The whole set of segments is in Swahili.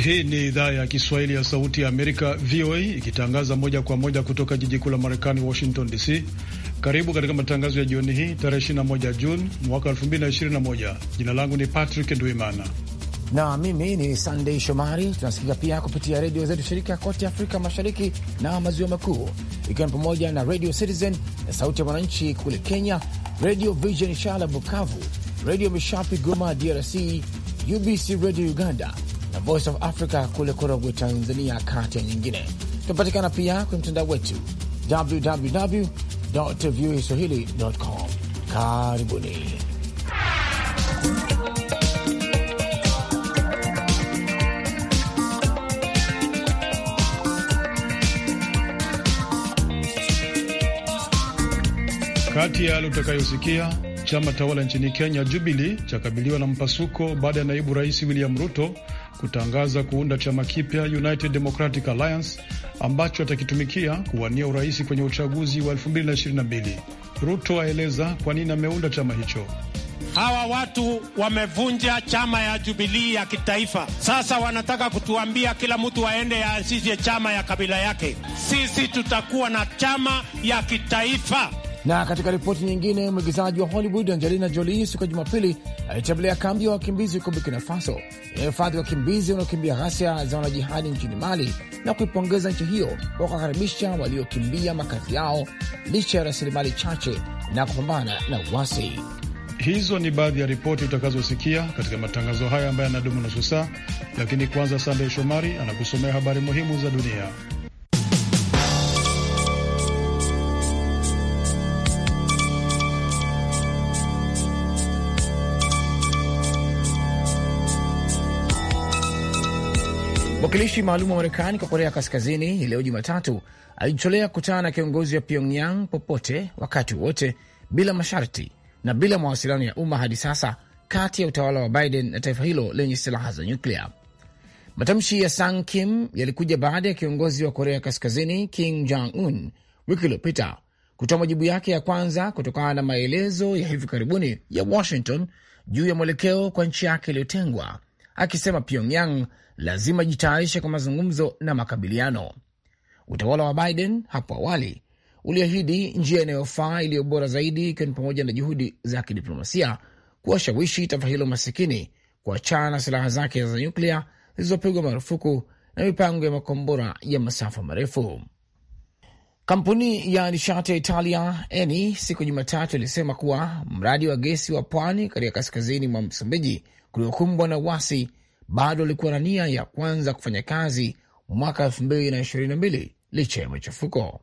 Hii ni idhaa ya Kiswahili ya Sauti ya Amerika, VOA, ikitangaza moja kwa moja kutoka jiji kuu la Marekani, Washington DC. Karibu katika matangazo ya jioni hii tarehe 21 Juni mwaka 2021. Jina langu ni Patrick nduimana na mimi ni Sandei Shomari. Tunasikika pia kupitia redio zetu shirika kote Afrika Mashariki na Maziwa Makuu, ikiwa ni pamoja na Radio Citizen na Sauti ya Mwananchi kule Kenya, Radio Vision Shala Bukavu, Radio Mishapi Goma DRC, UBC Radio Uganda, na Voice of Africa kule Korogwe, Tanzania, kati ya nyingine. Tunapatikana pia kwenye mtandao wetu www voa swahili com. Karibuni. Kati ya yale utakayosikia, chama tawala nchini Kenya, Jubili, chakabiliwa na mpasuko baada ya naibu rais William Ruto kutangaza kuunda chama kipya United Democratic Alliance ambacho atakitumikia kuwania urais kwenye uchaguzi wa 2022. Ruto aeleza kwa nini ameunda chama hicho. Hawa watu wamevunja chama ya Jubilii ya kitaifa. Sasa wanataka kutuambia kila mtu aende aanzishe chama ya kabila yake. Sisi tutakuwa na chama ya kitaifa. Na katika ripoti nyingine, mwigizaji wa Hollywood Angelina Jolie siku ya Jumapili alitembelea kambi ya wa wakimbizi huko Burkina Faso inayohifadhi wakimbizi wanaokimbia ghasia za wanajihadi nchini Mali na kuipongeza nchi hiyo kwa kukaribisha waliokimbia makazi yao licha ya rasilimali chache na kupambana na uwasi Hizo ni baadhi ya ripoti utakazosikia katika matangazo haya ambayo yanadumu nusu saa, lakini kwanza, Sandey Shomari anakusomea habari muhimu za dunia. Mwakilishi maalum wa Marekani kwa Korea Kaskazini leo Jumatatu alijitolea kukutana na kiongozi wa Pyongyang popote wakati wowote bila masharti na bila mawasiliano ya umma hadi sasa kati ya utawala wa Biden na taifa hilo lenye silaha za nyuklia. Matamshi ya Sang Kim yalikuja baada ya kiongozi wa Korea Kaskazini Kim Jong Un wiki iliyopita kutoa majibu yake ya kwanza kutokana na maelezo ya hivi karibuni ya Washington juu ya mwelekeo kwa nchi yake iliyotengwa, akisema Pyongyang lazima jitayarishe kwa mazungumzo na makabiliano. Utawala wa Biden hapo awali uliahidi njia inayofaa iliyo bora zaidi, ikiwa ni pamoja na juhudi za kidiplomasia kuwashawishi taifa hilo masikini kuachana na silaha zake za nyuklia zilizopigwa marufuku na mipango ya makombora ya masafa marefu. Kampuni ya nishati ya Italia Eni siku ya Jumatatu ilisema kuwa mradi wa gesi wa pwani katika kaskazini mwa Msumbiji kuliokumbwa na wasi bado alikuwa na nia ya kwanza kufanya kazi mwaka mbili licha ya machafuko.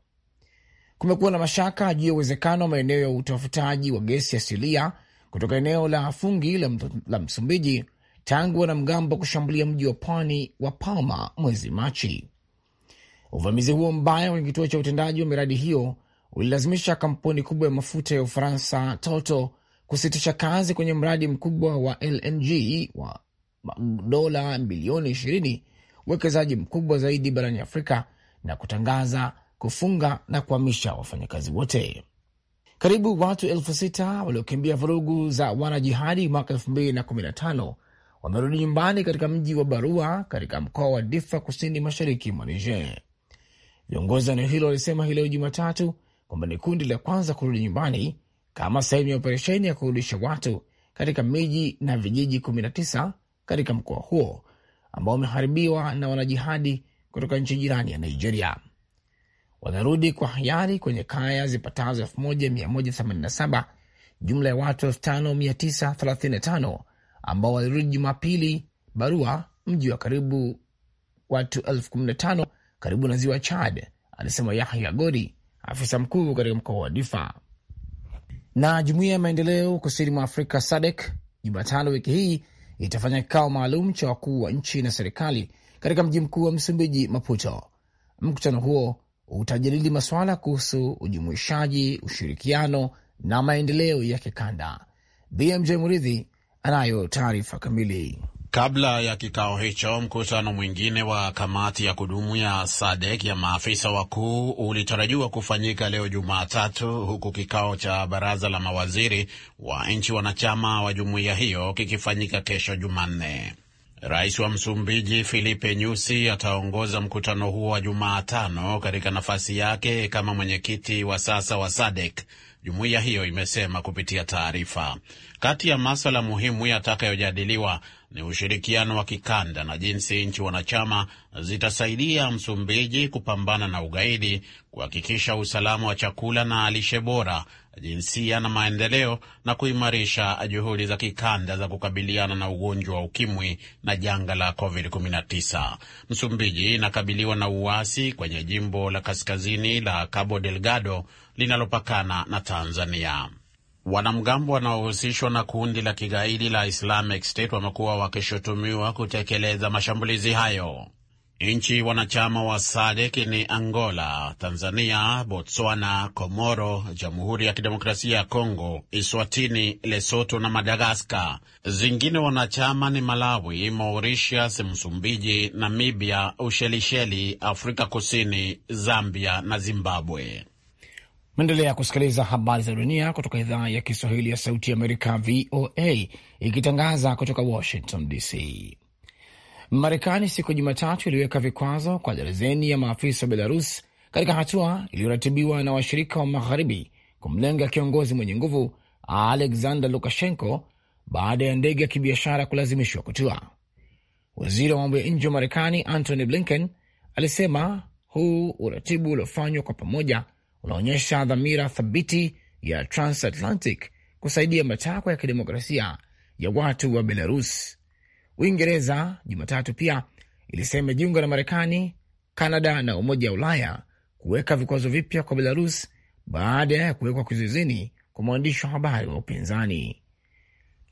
Kumekuwa na mashaka juu ya uwezekano wa maeneo ya utafutaji wa gesi asilia kutoka eneo la Fungi la, la Msumbiji tangu wanamgambo kushambulia mji wa pwani wa Palma mwezi Machi. Uvamizi huo mbaya kwenye kituo cha utendaji wa miradi hiyo ulilazimisha kampuni kubwa ya mafuta ya Ufaransa Total kusitisha kazi kwenye mradi mkubwa wa LNG wa dola bilioni ishirini, uwekezaji mkubwa zaidi barani Afrika, na kutangaza kufunga na kuhamisha wafanyakazi wote. Karibu watu elfu sita waliokimbia vurugu za wanajihadi mwaka elfu mbili na kumi na tano wamerudi nyumbani katika mji wa Barua katika mkoa wa Difa, kusini mashariki mwa Niger. Viongozi wa eneo hilo walisema hii leo Jumatatu kwamba ni kundi la kwanza kurudi nyumbani kama sehemu ya operesheni ya kurudisha watu katika miji na vijiji katika mkoa huo ambao umeharibiwa na wanajihadi kutoka nchi jirani ya Nigeria. Wanarudi kwa hiari kwenye kaya zipatazo 1187 jumla ya watu 5935 ambao walirudi Jumapili barua mji wa karibu watu 15,000 karibu na ziwa Chad, alisema Yahya Gori, afisa mkuu katika mkoa wa Difa. Na jumuiya ya maendeleo kusini mwa Afrika SADEK Jumatano wiki hii itafanya kikao maalum cha wakuu wa nchi na serikali katika mji mkuu wa Msumbiji, Maputo. Mkutano huo utajadili masuala kuhusu ujumuishaji, ushirikiano na maendeleo ya kikanda. BMJ Muridhi anayo taarifa kamili. Kabla ya kikao hicho, mkutano mwingine wa kamati ya kudumu ya SADC ya maafisa wakuu ulitarajiwa kufanyika leo Jumatatu, huku kikao cha baraza la mawaziri wa nchi wanachama wa jumuiya hiyo kikifanyika kesho Jumanne. Rais wa Msumbiji Filipe Nyusi ataongoza mkutano huo wa Jumatano katika nafasi yake kama mwenyekiti wa sasa wa SADC, jumuiya hiyo imesema kupitia taarifa. Kati ya maswala muhimu yatakayojadiliwa ni ushirikiano wa kikanda na jinsi nchi wanachama zitasaidia Msumbiji kupambana na ugaidi, kuhakikisha usalama wa chakula na lishe bora, jinsia na maendeleo, na kuimarisha juhudi za kikanda za kukabiliana na ugonjwa wa ukimwi na janga la COVID-19. Msumbiji inakabiliwa na uasi kwenye jimbo la kaskazini la Cabo Delgado linalopakana na Tanzania. Wanamgambo wanaohusishwa na kundi la kigaidi la Islamic State wamekuwa wakishutumiwa kutekeleza mashambulizi hayo. Nchi wanachama wa SADC ni Angola, Tanzania, Botswana, Komoro, Jamhuri ya Kidemokrasia ya Kongo, Iswatini, Lesoto na Madagaskar. Zingine wanachama ni Malawi, Mauritius, Msumbiji, Namibia, Ushelisheli, Afrika Kusini, Zambia na Zimbabwe. Maendelea kusikiliza habari za dunia kutoka idhaa ya Kiswahili ya sauti Amerika, VOA, ikitangaza kutoka Washington DC, Marekani. Siku ya Jumatatu iliweka vikwazo kwa darazeni ya maafisa wa Belarus katika hatua iliyoratibiwa na washirika wa magharibi kumlenga kiongozi mwenye nguvu Alexander Lukashenko baada ya ndege ya kibiashara kulazimishwa kutua. Waziri wa mambo ya nje wa Marekani Antony Blinken alisema huu uratibu uliofanywa kwa pamoja unaonyesha dhamira thabiti ya transatlantic kusaidia matakwa ya kidemokrasia ya watu wa Belarus. Uingereza Jumatatu pia ilisema jiunga na Marekani, Kanada na Umoja wa Ulaya kuweka vikwazo vipya kwa Belarus baada ya kuwekwa kizuizini kwa mwandishi wa habari wa upinzani.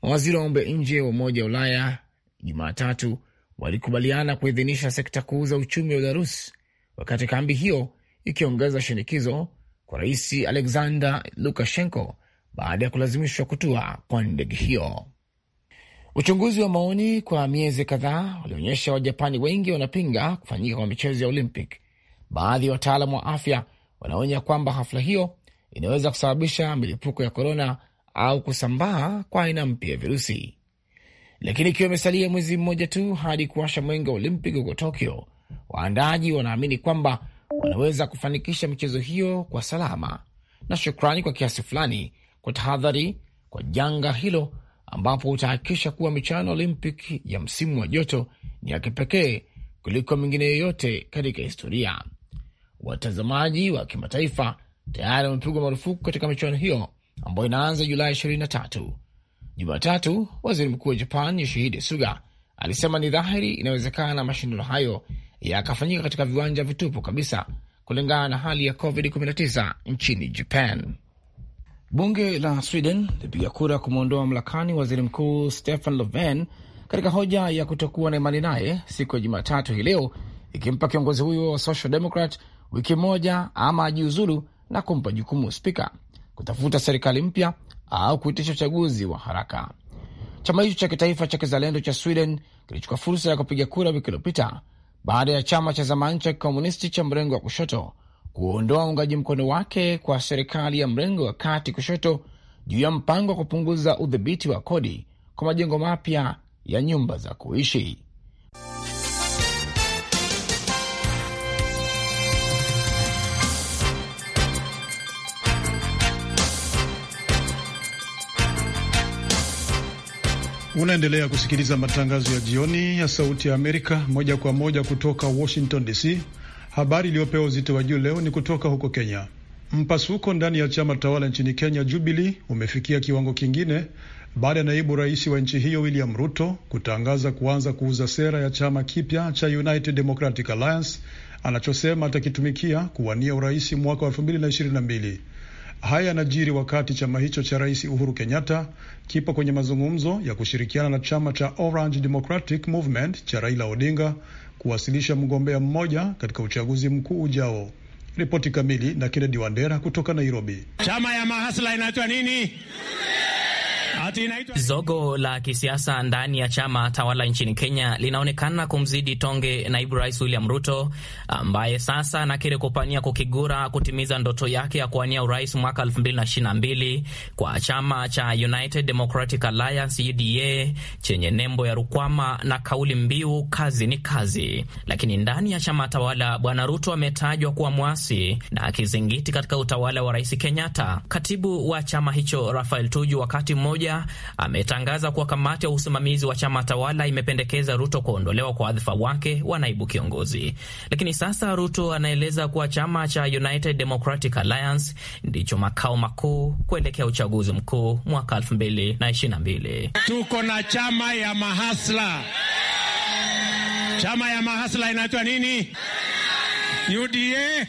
Mawaziri wa mambo ya nje wa Umoja wa Ulaya Jumatatu walikubaliana kuidhinisha sekta kuu za uchumi wa Belarus, wakati kambi hiyo ikiongeza shinikizo kwa Rais Alexander Lukashenko baada ya kulazimishwa kutua kwa ndege hiyo. Uchunguzi wa maoni kwa miezi kadhaa ulionyesha Wajapani wengi wanapinga kufanyika kwa michezo ya Olympic. Baadhi ya wataalam wa afya wanaonya kwamba hafla hiyo inaweza kusababisha milipuko ya korona au kusambaa kwa aina mpya ya virusi. Lakini ikiwa imesalia mwezi mmoja tu hadi kuwasha mwenge wa olympic huko Tokyo, waandaaji wanaamini kwamba wanaweza kufanikisha michezo hiyo kwa salama, na shukrani kwa kiasi fulani kwa tahadhari kwa janga hilo, ambapo utahakikisha kuwa michano Olympic ya msimu wa joto ni ya kipekee kuliko mingine yoyote katika historia. Watazamaji wa kimataifa tayari wamepigwa marufuku katika michuano hiyo ambayo inaanza Julai 23. Jumatatu, waziri mkuu wa Japan Yoshihide Suga alisema ni dhahiri inawezekana mashindano hayo yakafanyika katika viwanja vitupu kabisa kulingana na hali ya COVID-19 nchini Japan. Bunge la Sweden lipiga kura kumwondoa mamlakani waziri mkuu Stefan Loven katika hoja ya kutokuwa na imani naye siku ya Jumatatu hii leo, ikimpa kiongozi huyo wa Social Democrat wiki moja ama ajiuzulu na kumpa jukumu spika kutafuta serikali mpya au kuitisha uchaguzi wa haraka. Chama hicho cha kitaifa cha kizalendo cha Sweden kilichukua fursa ya kupiga kura wiki iliyopita baada ya chama cha zamani cha kikomunisti cha mrengo wa kushoto kuondoa uungaji mkono wake kwa serikali ya mrengo wa kati kushoto juu ya mpango wa kupunguza udhibiti wa kodi kwa majengo mapya ya nyumba za kuishi. Unaendelea kusikiliza matangazo ya jioni ya Sauti ya Amerika moja kwa moja kutoka Washington DC. Habari iliyopewa uzito wa juu leo ni kutoka huko Kenya. Mpasuko ndani ya chama tawala nchini Kenya, jubili umefikia kiwango kingine baada ya naibu rais wa nchi hiyo William Ruto kutangaza kuanza kuuza sera ya chama kipya cha United Democratic Alliance anachosema atakitumikia kuwania urais mwaka wa elfu mbili na ishirini na mbili. Haya yanajiri wakati chama hicho cha Rais Uhuru Kenyatta kipo kwenye mazungumzo ya kushirikiana na chama cha Orange Democratic Movement cha Raila Odinga kuwasilisha mgombea mmoja katika uchaguzi mkuu ujao. Ripoti kamili na Kennedy Wandera kutoka Nairobi. Chama ya mahasla inaitwa nini? Zogo la kisiasa ndani ya chama tawala nchini Kenya linaonekana kumzidi tonge naibu rais William Ruto ambaye sasa anakiri kupania kukigura kutimiza ndoto yake ya kuwania urais mwaka 2022 kwa chama cha United Democratic Alliance UDA chenye nembo ya rukwama na kauli mbiu kazi ni kazi. Lakini ndani ya chama tawala bwana Ruto ametajwa kuwa mwasi na kizingiti katika utawala wa rais Kenyatta. Katibu wa chama hicho Rafael Tuju wakati mmoja pia ametangaza kuwa kamati ya usimamizi wa chama tawala imependekeza Ruto kuondolewa kwa wadhifa wake wa naibu kiongozi. Lakini sasa Ruto anaeleza kuwa chama cha United Democratic Alliance ndicho makao makuu kuelekea uchaguzi mkuu mwaka 2022. Tuko na chama ya mahasla. Chama ya mahasla inaitwa nini? UDA.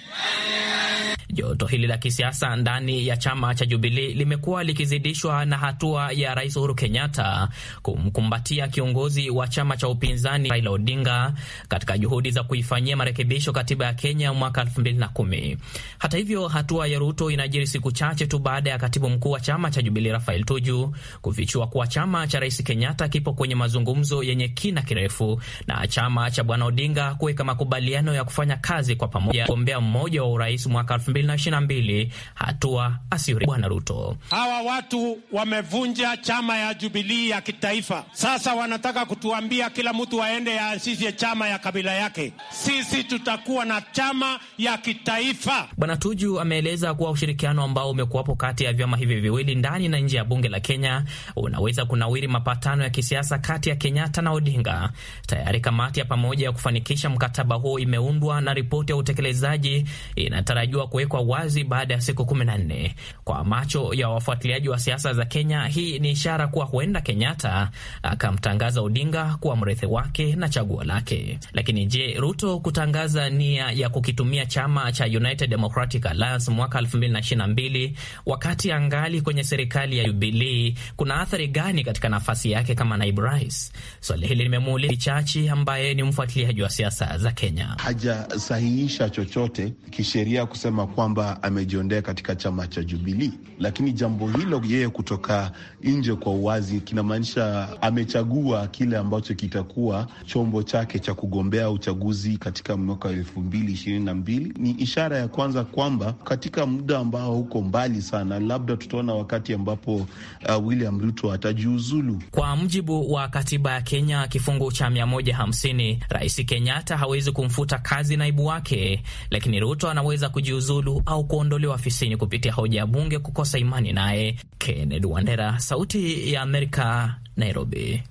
Joto hili la kisiasa ndani ya chama cha Jubilii limekuwa likizidishwa na hatua ya Rais Uhuru Kenyatta kumkumbatia kiongozi wa chama cha upinzani Raila Odinga katika juhudi za kuifanyia marekebisho katiba ya Kenya mwaka 2010. Hata hivyo, hatua ya Ruto inajiri siku chache tu baada ya katibu mkuu wa chama cha Jubilii Rafael Tuju kufichua kuwa chama cha Rais Kenyatta kipo kwenye mazungumzo yenye kina kirefu na chama cha Bwana Odinga kuweka makubaliano ya kufanya kazi kwa pamoja kugombea mmoja wa urais mwaka 2022, hatua asiri Bwana Ruto. Hawa watu wamevunja chama ya Jubilii ya kitaifa, sasa wanataka kutuambia kila mtu aende aanzishe chama ya kabila yake. Sisi tutakuwa na chama ya kitaifa. Bwana Tuju ameeleza kuwa ushirikiano ambao umekuwapo kati ya vyama hivi viwili ndani na nje ya bunge la Kenya unaweza kunawiri mapatano ya kisiasa kati ya Kenyatta na Odinga. Tayari kamati ya pamoja ya kufanikisha mkataba huo imeundwa na ripoti ya utekelezaji inatarajiwa kuwekwa kwa wazi baada ya siku 14. Kwa macho ya wafuatiliaji wa siasa za Kenya, hii ni ishara kuwa huenda Kenyatta akamtangaza Odinga kuwa mrithi wake na chaguo lake. Lakini je, Ruto kutangaza nia ya kukitumia chama cha United Democratic Alliance mwaka 2022 wakati angali kwenye serikali ya Jubilee kuna athari gani katika nafasi yake kama naibu rais? Swali hili limemuuliza Chachi ambaye ni mfuatiliaji wa siasa za Kenya. Hajasahihisha chochote kisheria kusema kwa kwamba amejiondea katika chama cha Jubilii, lakini jambo hilo yeye kutoka nje kwa uwazi kinamaanisha amechagua kile ambacho kitakuwa chombo chake cha kugombea uchaguzi katika mwaka wa elfu mbili ishirini na mbili. Ni ishara ya kwanza kwamba katika muda ambao huko mbali sana, labda tutaona wakati ambapo uh, William Ruto atajiuzulu. Kwa mujibu wa katiba ya Kenya kifungu cha 150, Rais Kenyatta hawezi kumfuta kazi naibu wake, lakini Ruto anaweza kujiuzulu kujiuzulu au kuondolewa afisini kupitia hoja ya bunge kukosa imani naye. Kennedy Wandera, Sauti ya Amerika, Nairobi.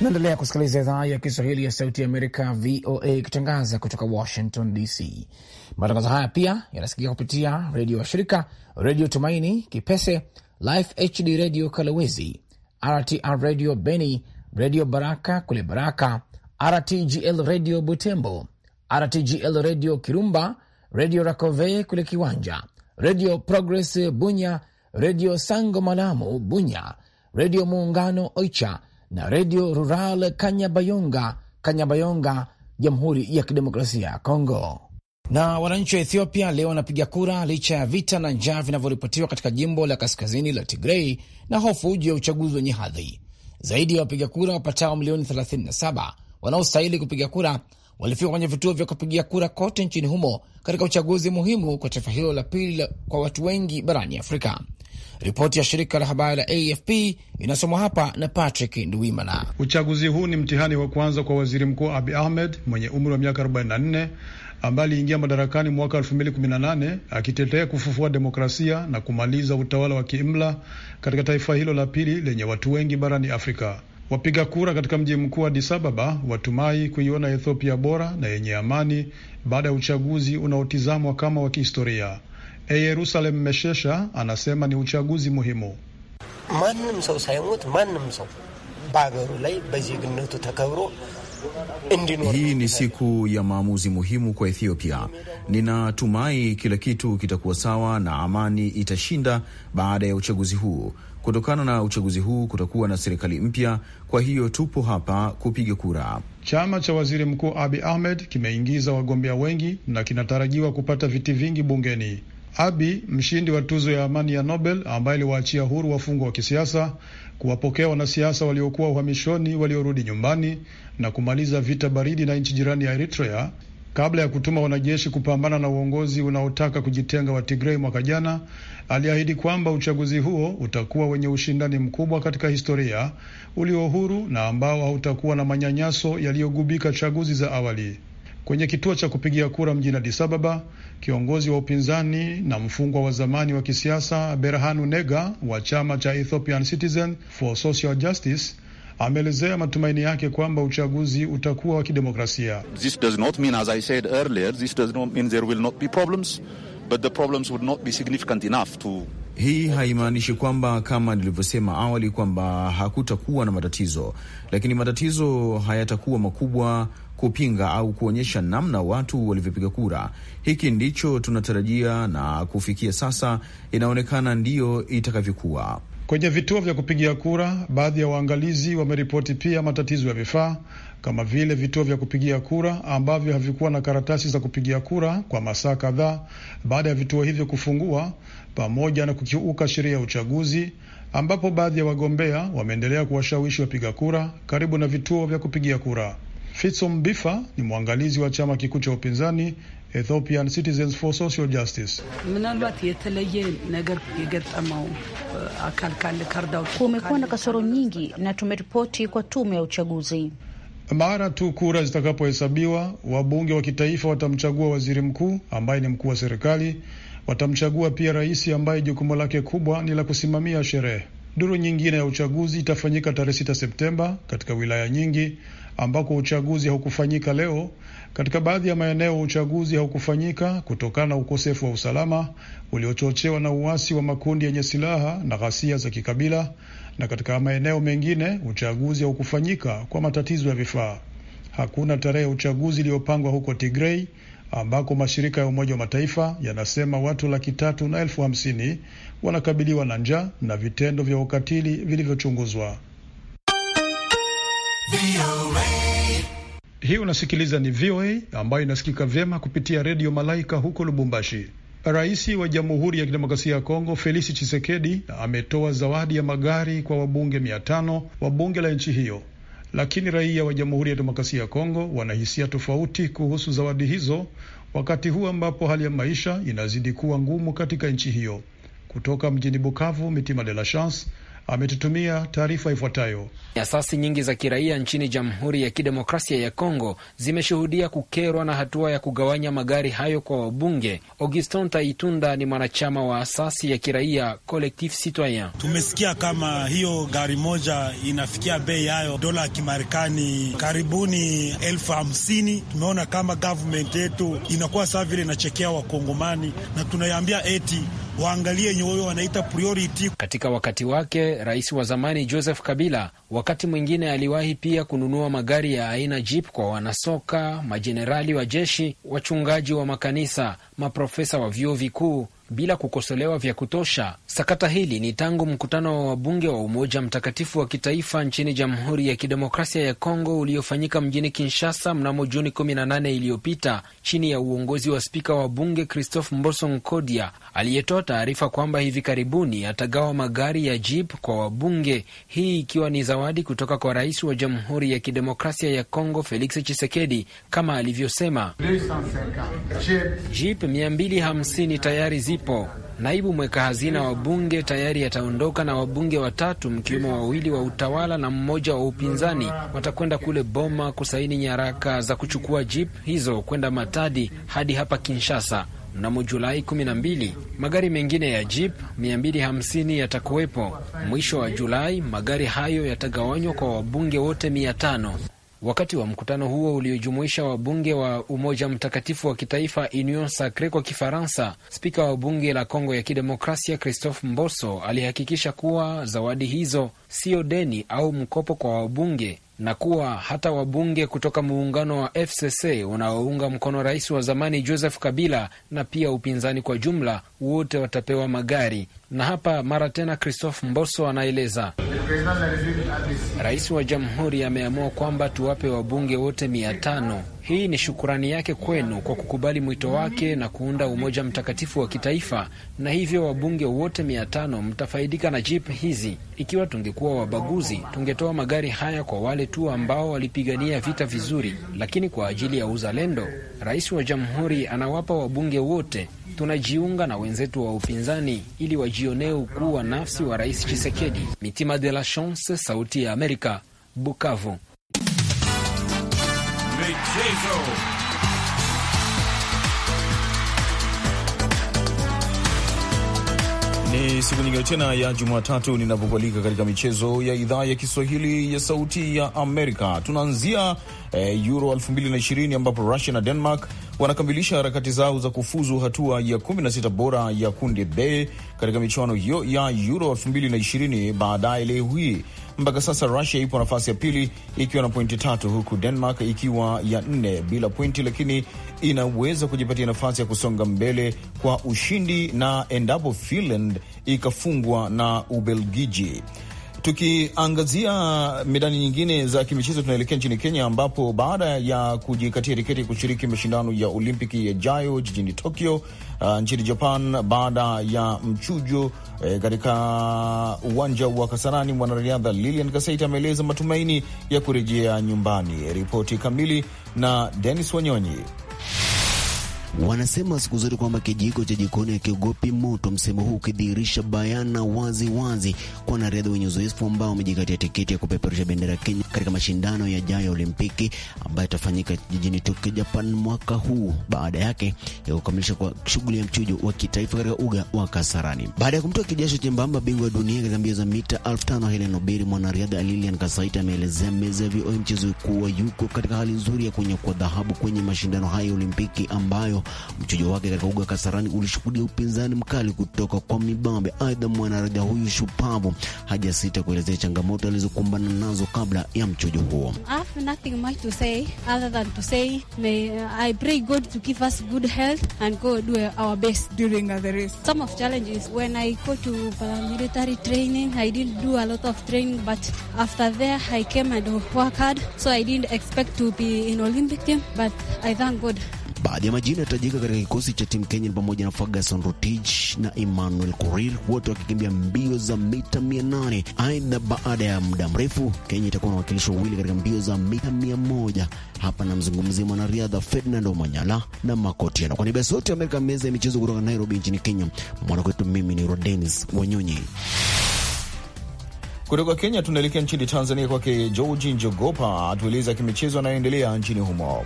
Naendelea kusikiliza idhaa ya Kiswahili ya Sauti ya Amerika, VOA, ikitangaza kutoka Washington DC. Matangazo haya pia yanasikika kupitia redio wa shirika Redio Tumaini Kipese, Life HD Redio Kalowezi, RTR Radio Beni, Radio Baraka kule Baraka, RTGL Radio Butembo, RTGL Radio Kirumba, Radio Rakove kule Kiwanja, Radio Progress Bunya, Radio Sango Malamu Bunya, Radio Muungano Oicha na Radio Rural Kanyabayonga, Kanyabayonga, Jamhuri ya Kidemokrasia ya Kongo. Na wananchi wa Ethiopia leo wanapiga kura licha ya vita na njaa vinavyoripotiwa katika jimbo la kaskazini la Tigrei na hofu juu ya uchaguzi wenye hadhi. Zaidi ya wapiga kura wapatao milioni 37 wanaostahili kupiga kura walifika kwenye vituo vya kupigia kura kote nchini humo katika uchaguzi muhimu kwa taifa hilo la pili kwa watu wengi barani Afrika. Ripoti ya shirika la habari la AFP inasomwa hapa na Patrick Ndwimana. Uchaguzi huu ni mtihani wa kwanza kwa waziri mkuu Abi Ahmed mwenye umri wa miaka 44 ambaye aliingia madarakani mwaka 2018 akitetea kufufua demokrasia na kumaliza utawala wa kiimla katika taifa hilo la pili lenye watu wengi barani Afrika. Wapiga kura katika mji mkuu wa Addis Ababa watumai kuiona Ethiopia bora na yenye amani baada ya uchaguzi unaotizamwa kama wa kihistoria. e Yerusalem Meshesha anasema ni uchaguzi muhimu. maንም ሰው ሳይሞት ማንም ሰው በሀገሩ ላይ በዜግነቱ ተከብሮ hii ni siku ya maamuzi muhimu kwa Ethiopia. Ninatumai kila kitu kitakuwa sawa na amani itashinda baada ya uchaguzi huu. Kutokana na uchaguzi huu kutakuwa na serikali mpya, kwa hiyo tupo hapa kupiga kura. Chama cha waziri mkuu Abi Ahmed kimeingiza wagombea wengi na kinatarajiwa kupata viti vingi bungeni. Abi, mshindi wa tuzo ya amani ya Nobel ambaye aliwaachia huru wafungwa wa kisiasa, kuwapokea wanasiasa waliokuwa uhamishoni waliorudi nyumbani na kumaliza vita baridi na nchi jirani ya Eritrea kabla ya kutuma wanajeshi kupambana na uongozi unaotaka kujitenga wa Tigrei mwaka jana, aliahidi kwamba uchaguzi huo utakuwa wenye ushindani mkubwa katika historia, ulio huru na ambao hautakuwa na manyanyaso yaliyogubika chaguzi za awali. Kwenye kituo cha kupigia kura mjini Addis Ababa, kiongozi wa upinzani na mfungwa wa zamani wa kisiasa Berhanu Nega wa chama cha Ethiopian Citizen for Social Justice ameelezea matumaini yake kwamba uchaguzi utakuwa wa kidemokrasia. Hii haimaanishi kwamba kama nilivyosema awali kwamba hakutakuwa na matatizo, lakini matatizo hayatakuwa makubwa kupinga au kuonyesha namna watu walivyopiga kura. Hiki ndicho tunatarajia na kufikia sasa inaonekana ndiyo itakavyokuwa. Kwenye vituo vya kupigia kura, baadhi ya waangalizi wameripoti pia matatizo ya vifaa kama vile vituo vya kupigia kura ambavyo havikuwa na karatasi za kupigia kura kwa masaa kadhaa baada ya vituo hivyo kufungua, pamoja na kukiuka sheria ya uchaguzi, ambapo baadhi ya wagombea wameendelea kuwashawishi wapiga kura karibu na vituo vya kupigia kura. Fitsum Bifa ni mwangalizi wa chama kikuu cha upinzani Ethiopian Citizens for Social Justice. ምናልባት የተለየ ነገር የገጠመው አካል ካለ ካርዳው kumekuwa na kasoro nyingi na tumeripoti kwa tume ya uchaguzi. Mara tu kura zitakapohesabiwa, wabunge wa kitaifa watamchagua waziri mkuu ambaye ni mkuu wa serikali. Watamchagua pia rais ambaye jukumu lake kubwa ni la kusimamia sherehe. Duru nyingine ya uchaguzi itafanyika tarehe 6 Septemba katika wilaya nyingi ambako uchaguzi haukufanyika leo. Katika baadhi ya maeneo uchaguzi haukufanyika kutokana na ukosefu wa usalama uliochochewa na uasi wa makundi yenye silaha na ghasia za kikabila, na katika maeneo mengine uchaguzi haukufanyika kwa matatizo ya vifaa. Hakuna tarehe ya uchaguzi iliyopangwa huko Tigrei ambako mashirika ya Umoja wa Mataifa yanasema watu laki tatu na elfu hamsini wanakabiliwa na njaa na vitendo vya ukatili vilivyochunguzwa. Hii unasikiliza ni VOA ambayo inasikika vyema kupitia redio Malaika huko Lubumbashi. Rais wa Jamhuri ya Kidemokrasia ya Kongo Felisi Chisekedi ametoa zawadi ya magari kwa wabunge mia tano wa bunge la nchi hiyo, lakini raia wa Jamhuri ya Demokrasia ya Kongo wanahisia tofauti kuhusu zawadi hizo, wakati huu ambapo hali ya maisha inazidi kuwa ngumu katika nchi hiyo. Kutoka mjini Bukavu, Mitima de la Chance ametutumia taarifa ifuatayo. Asasi nyingi za kiraia nchini Jamhuri ya Kidemokrasia ya Kongo zimeshuhudia kukerwa na hatua ya kugawanya magari hayo kwa wabunge. Augustin Taitunda ni mwanachama wa asasi ya kiraia Collectif Citoyen. Tumesikia kama hiyo gari moja inafikia bei yayo dola ya Kimarekani karibuni elfu hamsini. Tumeona kama gavumenti yetu inakuwa saa vile inachekea Wakongomani na tunaiambia eti waangalie yenye wao wanaita priority. Katika wakati wake, rais wa zamani Joseph Kabila wakati mwingine aliwahi pia kununua magari ya aina jeep kwa wanasoka, majenerali wa jeshi, wachungaji wa makanisa, maprofesa wa vyuo vikuu bila kukosolewa vya kutosha. Sakata hili ni tangu mkutano wa wabunge wa Umoja Mtakatifu wa Kitaifa nchini Jamhuri ya Kidemokrasia ya Kongo uliofanyika mjini Kinshasa mnamo Juni 18 iliyopita chini ya uongozi wa spika wa bunge Christophe Mboso Nkodia aliyetoa taarifa kwamba hivi karibuni atagawa magari ya jeep kwa wabunge, hii ikiwa ni zawadi kutoka kwa rais wa Jamhuri ya Kidemokrasia ya Kongo Felix Tshisekedi kama alivyosema, jeep 250 tayari zipo. Naibu mweka hazina wa bunge tayari ataondoka na wabunge watatu, mkiwemo wawili wa utawala na mmoja wa upinzani, watakwenda kule Boma kusaini nyaraka za kuchukua jip hizo kwenda Matadi hadi hapa Kinshasa mnamo Julai 12. Magari mengine ya jip 250 yatakuwepo. Mwisho wa Julai magari hayo yatagawanywa kwa wabunge wote 500. Wakati wa mkutano huo uliojumuisha wabunge wa Umoja Mtakatifu wa Kitaifa, Union Sacre kwa Kifaransa, spika wa bunge la Kongo ya Kidemokrasia Christophe Mboso alihakikisha kuwa zawadi hizo sio deni au mkopo kwa wabunge, na kuwa hata wabunge kutoka muungano wa FCC unaounga mkono rais wa zamani Joseph Kabila na pia upinzani kwa jumla wote watapewa magari. Na hapa mara tena Christophe Mboso anaeleza, rais wa jamhuri ameamua kwamba tuwape wabunge wote mia tano hii ni shukurani yake kwenu kwa kukubali mwito wake na kuunda umoja mtakatifu wa kitaifa, na hivyo wabunge wote mia tano mtafaidika na jip hizi. Ikiwa tungekuwa wabaguzi, tungetoa magari haya kwa wale tu ambao walipigania vita vizuri, lakini kwa ajili ya uzalendo, rais wa jamhuri anawapa wabunge wote. Tunajiunga na wenzetu wa upinzani ili wajionee ukuu wa nafsi wa rais Chisekedi. Mitima de la Chance, Sauti ya Amerika, Bukavu michezo. Ni siku nyingine tena ya Jumatatu ninapokualika katika michezo ya idhaa ya Kiswahili ya Sauti ya Amerika. Tunaanzia eh, Euro 2020 ambapo Russia na Denmark wanakamilisha harakati zao za kufuzu hatua ya 16 bora ya kundi B katika michuano hiyo ya Euro 2020 baadaye leo hii mpaka sasa Rusia ipo nafasi ya pili ikiwa na pointi tatu, huku Denmark ikiwa ya nne bila pointi, lakini inaweza kujipatia nafasi ya kusonga mbele kwa ushindi na endapo Finland ikafungwa na Ubelgiji. Tukiangazia medani nyingine za kimichezo, tunaelekea nchini Kenya ambapo baada ya kujikatia tiketi ya kushiriki mashindano ya Olimpiki yajayo jijini Tokyo uh, nchini Japan baada ya mchujo eh, katika uwanja wa Kasarani. Mwanariadha Lilian kasait ameeleza matumaini ya kurejea nyumbani. Ripoti kamili na Denis Wanyonyi. Wanasema siku zote kwamba kijiko cha jikoni akiogopi moto, msemo huu ukidhihirisha bayana wazi wazi kwa wanariadha wenye uzoefu ambao wamejikatia tiketi ya kupeperusha bendera ya Kenya katika mashindano yajayo ya Olimpiki ambayo itafanyika jijini Tokyo, Japan mwaka huu baada yake ya kukamilisha kwa shughuli ya mchujo wa kitaifa katika uga wa Kasarani. Baada ya kumtoa kijasho chembamba bingwa wa dunia katika mbio za mita elfu tano Helen Obiri, mwanariadha Lilian Kasaita ameelezea meza ya VOA mchezo kuwa yuko katika hali nzuri ya kunyakua dhahabu kwenye mashindano hayo ya Olimpiki ambayo hiyo. Mchujo wake katika uga Kasarani ulishuhudia upinzani mkali kutoka kwa Mibambe. Aidha, mwanariadha huyu shupavu hajasita kuelezea changamoto alizokumbana nazo kabla ya mchujo huo. Baadhi ya majina yatajika katika kikosi cha timu Kenya ni pamoja na Ferguson Rotich na Emmanuel Korir, wote wakikimbia mbio za mita 800. Aidha, baada ya muda mrefu Kenya itakuwa na wakilishi wawili katika mbio za mita 100. Hapa namzungumzia mwanariadha Ferdinand Omanyala na Makotiano. Kwa niaba ya Sauti ya Amerika, meza ya michezo kutoka Nairobi nchini Kenya, mwanakwetu mimi ni Rodenis Wanyonyi. Kutoka Kenya tunaelekea nchini Tanzania, kwake Georgi Njogopa atueleza kimichezo anayoendelea nchini humo.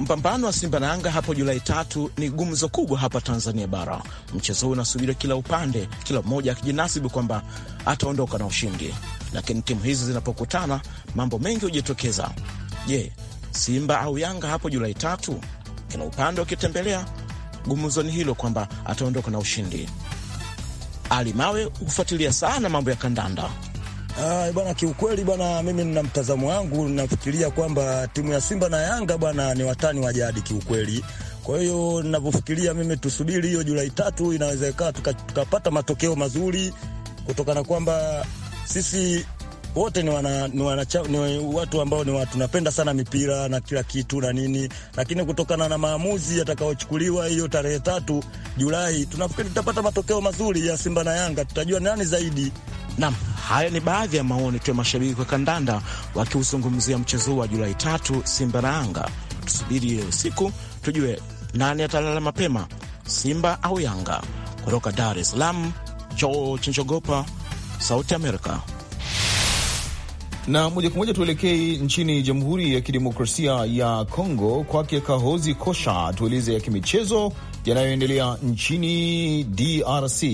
Mpambano wa Simba na Yanga hapo Julai tatu ni gumzo kubwa hapa Tanzania Bara. Mchezo huu unasubiri kila upande, kila mmoja akijinasibu kwamba ataondoka na ushindi, lakini timu hizi zinapokutana mambo mengi hujitokeza. Je, Simba au Yanga hapo Julai tatu? Kila upande wakitembelea ni hilo kwamba ataondoka na ushindi. Ali Mawe hufuatilia sana mambo ya kandanda. Ah, bwana kiukweli bwana, mimi nina mtazamo wangu, nafikiria kwamba timu ya Simba na Yanga bwana ni watani wa jadi kiukweli. Kwa hiyo ninavyofikiria mimi, tusubiri hiyo Julai tatu, inaweza ikawa tukapata matokeo mazuri kutokana kwamba sisi wote ni, wana, ni, wana, ni watu ambao ni watu tunapenda sana mipira na kila kitu na nini, lakini kutokana na maamuzi yatakayochukuliwa hiyo tarehe tatu Julai, tunafikiri tutapata matokeo mazuri ya Simba na Yanga, tutajua nani zaidi Nam, haya ni baadhi ya maoni tu ya mashabiki wa kandanda wakiuzungumzia mchezo huu wa Julai tatu Simba na Yanga. Tusubiri ile usiku tujue nani atalala mapema, Simba au Yanga. Kutoka Dar es Salaam, George Njogopa, Sauti Amerika. Na moja kwa moja tuelekee nchini Jamhuri ya Kidemokrasia ya Kongo, kwake Kahozi Kosha tueleze ya kimichezo yanayoendelea nchini DRC.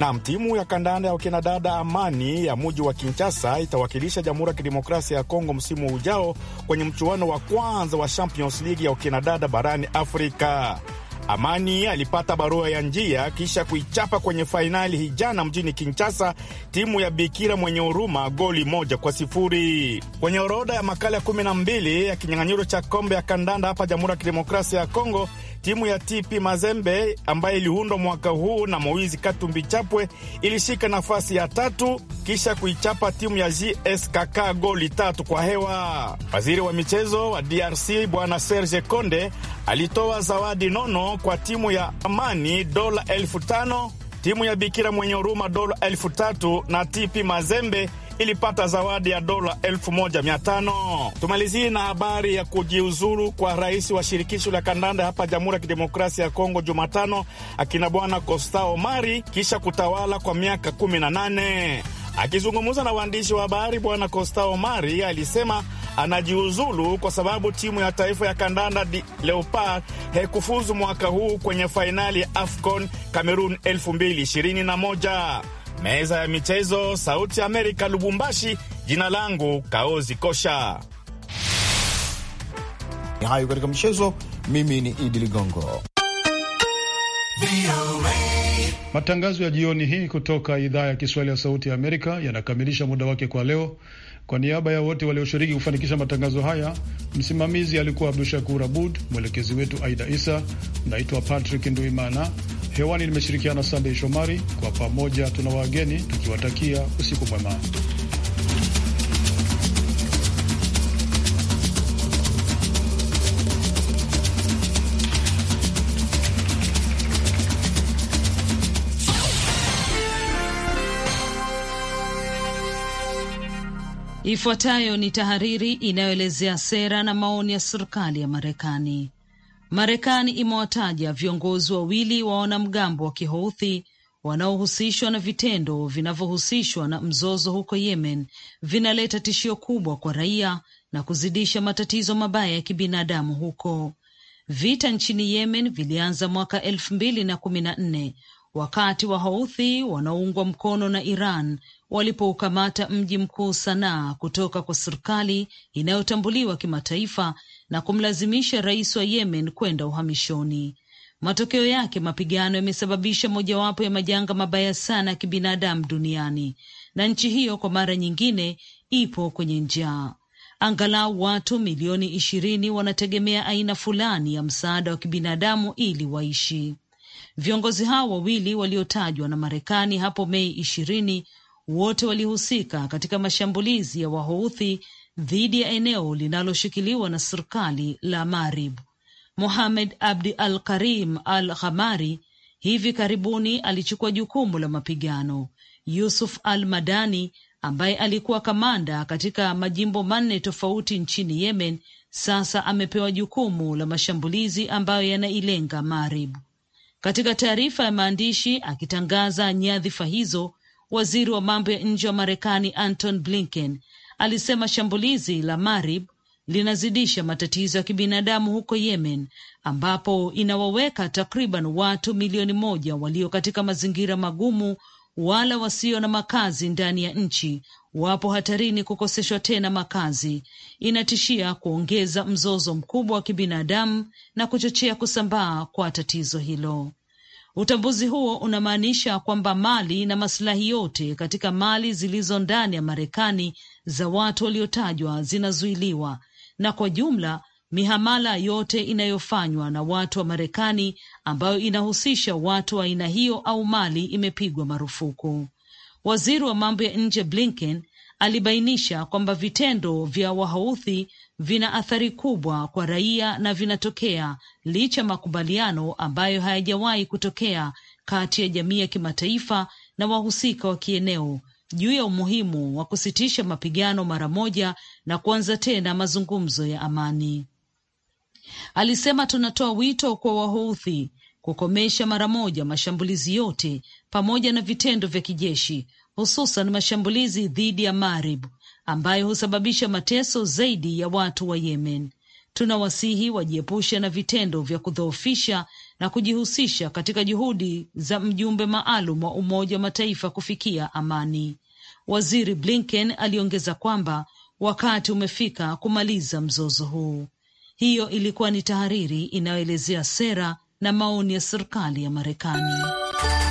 Nam, timu ya kandanda ya wakinadada Amani ya muji wa kinchasa itawakilisha Jamhuri ya Kidemokrasia ya Kongo msimu ujao kwenye mchuano wa kwanza wa Champions League ya wakinadada barani Afrika. Amani alipata barua ya njia kisha kuichapa kwenye fainali hijana mjini Kinshasa timu ya Bikira mwenye huruma goli moja kwa sifuri. Kwenye orodha ya makala ya mbili ya kinyang'anyiro cha kombe ya kandanda hapa Jamhuri ya Kidemokrasia ya Kongo, Timu ya TP Mazembe ambayo iliundwa mwaka huu na Moizi Katumbi Chapwe ilishika nafasi ya tatu kisha kuichapa timu ya jskk goli tatu kwa hewa. Waziri wa michezo wa DRC Bwana Serge Konde alitoa zawadi nono kwa timu ya Amani dola elfu tano, timu ya Bikira mwenye huruma dola elfu tatu na TP Mazembe ilipata zawadi ya dola elfu moja mia tano. Tumalizie na habari ya kujiuzuru kwa rais wa shirikisho la kandanda hapa Jamhuri ya Kidemokrasia ya Kongo Jumatano, akina bwana Kostao Mari kisha kutawala kwa miaka 18. Akizungumza na waandishi wa habari, bwana Kostao Mari alisema anajiuzulu kwa sababu timu ya taifa ya kandanda Leopard haikufuzu mwaka huu kwenye fainali ya AFCON Cameroon 2021 meza ya michezo, Sauti Amerika, Lubumbashi. Jina langu Kaozi Kosha. Hayo katika mchezo. Mimi ni Idi Ligongo. Matangazo ya jioni hii kutoka idhaa ya Kiswahili ya Sauti ya Amerika yanakamilisha muda wake kwa leo. Kwa niaba ya wote walioshiriki kufanikisha matangazo haya, msimamizi alikuwa Abdu Shakur Abud, mwelekezi wetu Aida Isa. Naitwa Patrick Nduimana. Hewani nimeshirikiana Sandey Shomari, kwa pamoja tuna wageni tukiwatakia usiku mwema. Ifuatayo ni tahariri inayoelezea sera na maoni ya serikali ya Marekani. Marekani imewataja viongozi wawili wa wanamgambo wa Kihouthi wanaohusishwa na vitendo vinavyohusishwa na mzozo huko Yemen vinaleta tishio kubwa kwa raia na kuzidisha matatizo mabaya ya kibinadamu huko. Vita nchini Yemen vilianza mwaka elfu mbili na kumi na nne wakati wa Houthi wanaoungwa mkono na Iran walipoukamata mji mkuu Sanaa kutoka kwa serikali inayotambuliwa kimataifa na kumlazimisha rais wa Yemen kwenda uhamishoni. Matokeo yake mapigano yamesababisha mojawapo ya majanga mabaya sana ya kibinadamu duniani na nchi hiyo kwa mara nyingine ipo kwenye njaa. Angalau watu milioni ishirini wanategemea aina fulani ya msaada wa kibinadamu ili waishi. Viongozi hao wawili waliotajwa na Marekani hapo Mei ishirini wote walihusika katika mashambulizi ya Wahouthi dhidi ya eneo linaloshikiliwa na serikali la Marib. Mohamed Abdi Al Karim Al Ghamari hivi karibuni alichukua jukumu la mapigano. Yusuf Al Madani ambaye alikuwa kamanda katika majimbo manne tofauti nchini Yemen sasa amepewa jukumu la mashambulizi ambayo yanailenga Marib. Katika taarifa ya maandishi akitangaza nyadhifa hizo, waziri wa mambo ya nje wa Marekani Anton Blinken alisema shambulizi la Marib linazidisha matatizo ya kibinadamu huko Yemen ambapo inawaweka takriban watu milioni moja walio katika mazingira magumu wala wasio na makazi ndani ya nchi wapo hatarini kukoseshwa tena makazi. Inatishia kuongeza mzozo mkubwa wa kibinadamu na kuchochea kusambaa kwa tatizo hilo. Utambuzi huo unamaanisha kwamba mali na masilahi yote katika mali zilizo ndani ya Marekani za watu waliotajwa zinazuiliwa na kwa jumla mihamala yote inayofanywa na watu wa Marekani ambayo inahusisha watu wa aina hiyo au mali imepigwa marufuku. Waziri wa mambo ya nje Blinken alibainisha kwamba vitendo vya Wahouthi vina athari kubwa kwa raia na vinatokea licha ya makubaliano ambayo hayajawahi kutokea kati ya jamii ya kimataifa na wahusika wa kieneo juu ya umuhimu wa kusitisha mapigano mara moja na kuanza tena mazungumzo ya amani. Alisema, tunatoa wito kwa Wahouthi kukomesha mara moja mashambulizi yote pamoja na vitendo vya kijeshi, hususan mashambulizi dhidi ya Marib ambayo husababisha mateso zaidi ya watu wa Yemen. Tunawasihi wajiepushe na vitendo vya kudhoofisha na kujihusisha katika juhudi za mjumbe maalum wa Umoja wa Mataifa kufikia amani. Waziri Blinken aliongeza kwamba wakati umefika kumaliza mzozo huu. Hiyo ilikuwa ni tahariri inayoelezea sera na maoni ya serikali ya Marekani.